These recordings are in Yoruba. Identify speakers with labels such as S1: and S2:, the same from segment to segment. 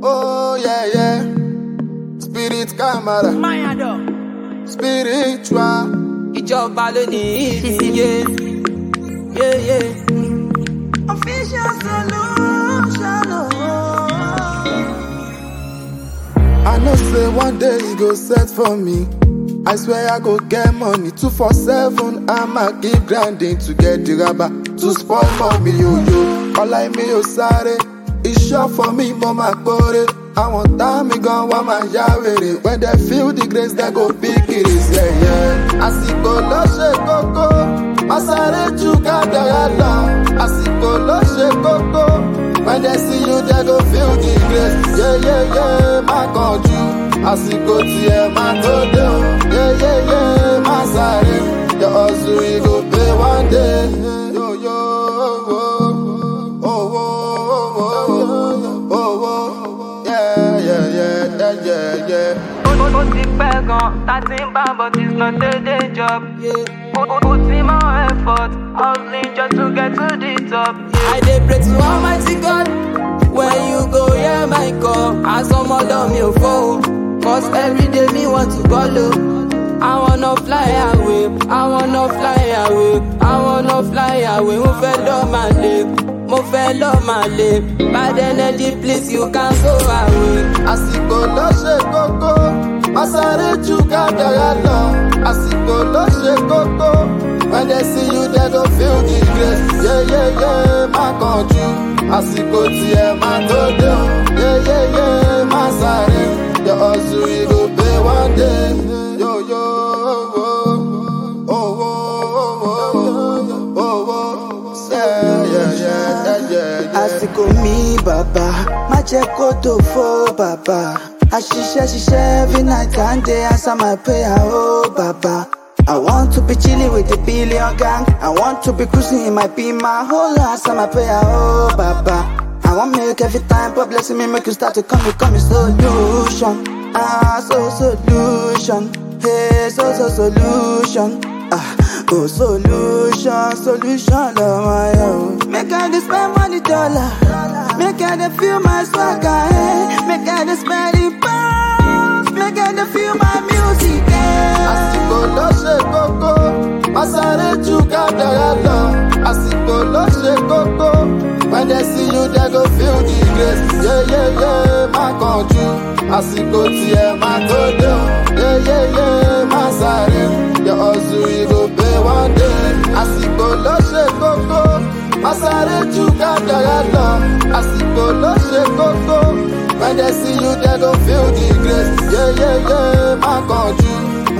S1: Oh yeah yeah, spirit camera. Mayado. Spiritual. Ìjọba ló
S2: ní ìdíyẹ. Yeah yeah. Official solution. Oh, oh. I know
S1: say one day he go set for me. I swear I go get money. Two for seven, I'ma keep grinding to get the rubber. To spoil for me, yo yo. All like me, yo, sorry. It's Iṣẹ́ for me mo máa kórè. Àwọn tá mi gan wọ́n máa yá wèrè. When they feel the grace they go pick it is yẹ̀yẹ̀. Àsìkò ló ṣe Masare Chuka sáré I see lọ. Àsìkò ló ṣe kókó, when they see you they go feel the grace. Yeah, Yẹ́yẹ́yẹ́ má I see tiẹ̀ má my dé Yeah, yeah, yeah. Masare, your hustle e go pay one day.
S3: I think but it's not a day job. Yeah. Put, put in my effort, hustling just to get to the top. I dey pray to Almighty God. When you go, yeah, my call. I saw my love me phone. every day me want to follow. I wanna fly away, I wanna fly away, I wanna fly away. Mo fẹ́ lọ máa le, mo fẹ́ lọ máa le. Bad energy, please, you can go away. Àsìkò ló ṣe kó
S1: má sáré jù kájọra lọ àsìkò ló ṣe kókó when they see you they go feel the grace yeyeye má kánjú àsìkò tiẹ̀ má tó dé Yeah yeah má sáré yọ ọ̀sùn ìgò be one day yóyó owó
S2: owó owó sẹ́yẹyẹ. àsìkò mi bàbá má jẹ́ kó tó fọ́ bàbá. I shisha shisha every night and day answer my prayer, oh Baba. I want to be chilling with the billion gang. I want to be cruising in my be my whole answer my prayer, oh Baba. I want make every time, but blessing me make you start to come, me come, solution. Ah, so solution. Hey, so so solution. Ah, oh solution, solution, love my own. Make I spend money dollar. Make her to feel my swagger, eh? Make her to smell the bounce. Make her to feel my music, eh? Àsìkò ló ṣe kókó, má
S1: sáré ju kádàrá lọ. Àsìkò ló ṣe kókó, when they see you they go feel the grace. Yeyeye má kánjú, àsìkò tiẹ̀ má tó dé Yeah yeah má sáré, your hustle you go pay one day. Àsìkò ló ṣe kókó, má sáré ju kádàrá lọ.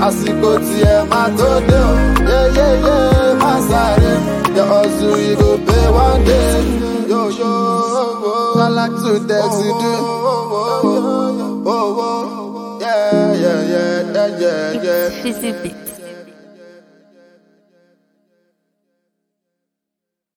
S1: àsìkò tiẹ̀ máa tó dé o yeyeye má sáré yọ ọ̀sùn ìgò pé one day Yo yó I like to do. Oh oh kọ́lá tún tẹ̀sí dùn owó
S2: yẹ́yẹ́yẹ́yẹ́yẹ́.